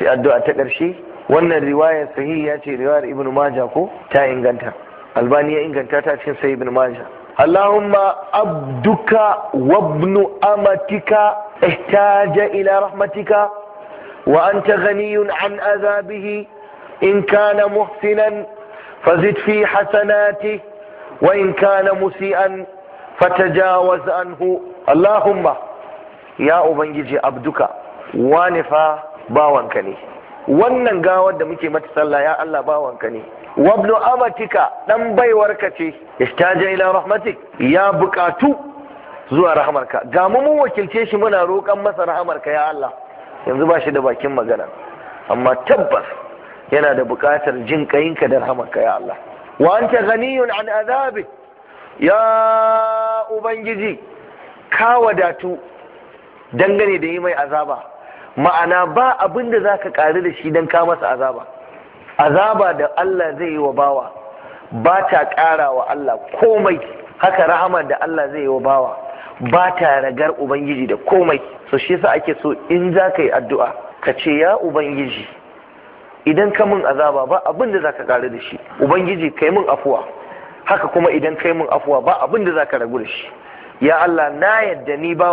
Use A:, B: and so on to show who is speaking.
A: sai addu'a ta ƙarshe wannan riwayar sahiya ce riwayar ibn majah ko ta inganta albani ya inganta ta cikin sai ibn majah allahumma abduka wabnu amatika ihtaja ila rahmatika wa anta ghaniyun an azabihi in kana muhsinan fazid fi hasanatihi wa in kana musian fatajawaz anhu allahumma ya ubangiji abduka wani fa bawanka ne wannan gawar da muke mata sallah ya Allah bawanka ne wabnu amatika dan baiwarka ce istaja ila rahmatik ya bukatu zuwa rahamarka ga mu mun wakilce shi muna roƙan masa rahamarka ya Allah yanzu ba shi da bakin magana amma tabbas yana da buƙatar jin kayinka da rahamarka ya Allah wa anta ghaniyun an azabi ya ubangiji ka wadatu dangane da yi mai azaba ma'ana ba abin da za ka ƙari da shi don ka masa azaba azaba da Allah zai yi wa bawa ba ta ƙara wa Allah komai haka rahama da Allah zai yi wa bawa ba ta ragar ubangiji da komai so shi yasa ake so in za ka yi addu'a ka ce ya ubangiji idan ka mun azaba ba abin da za ka ƙari da shi ubangiji ka yi mun afuwa haka kuma idan ka yi mun afuwa ba abin da za ka ragu da shi ya Allah na yadda ni ba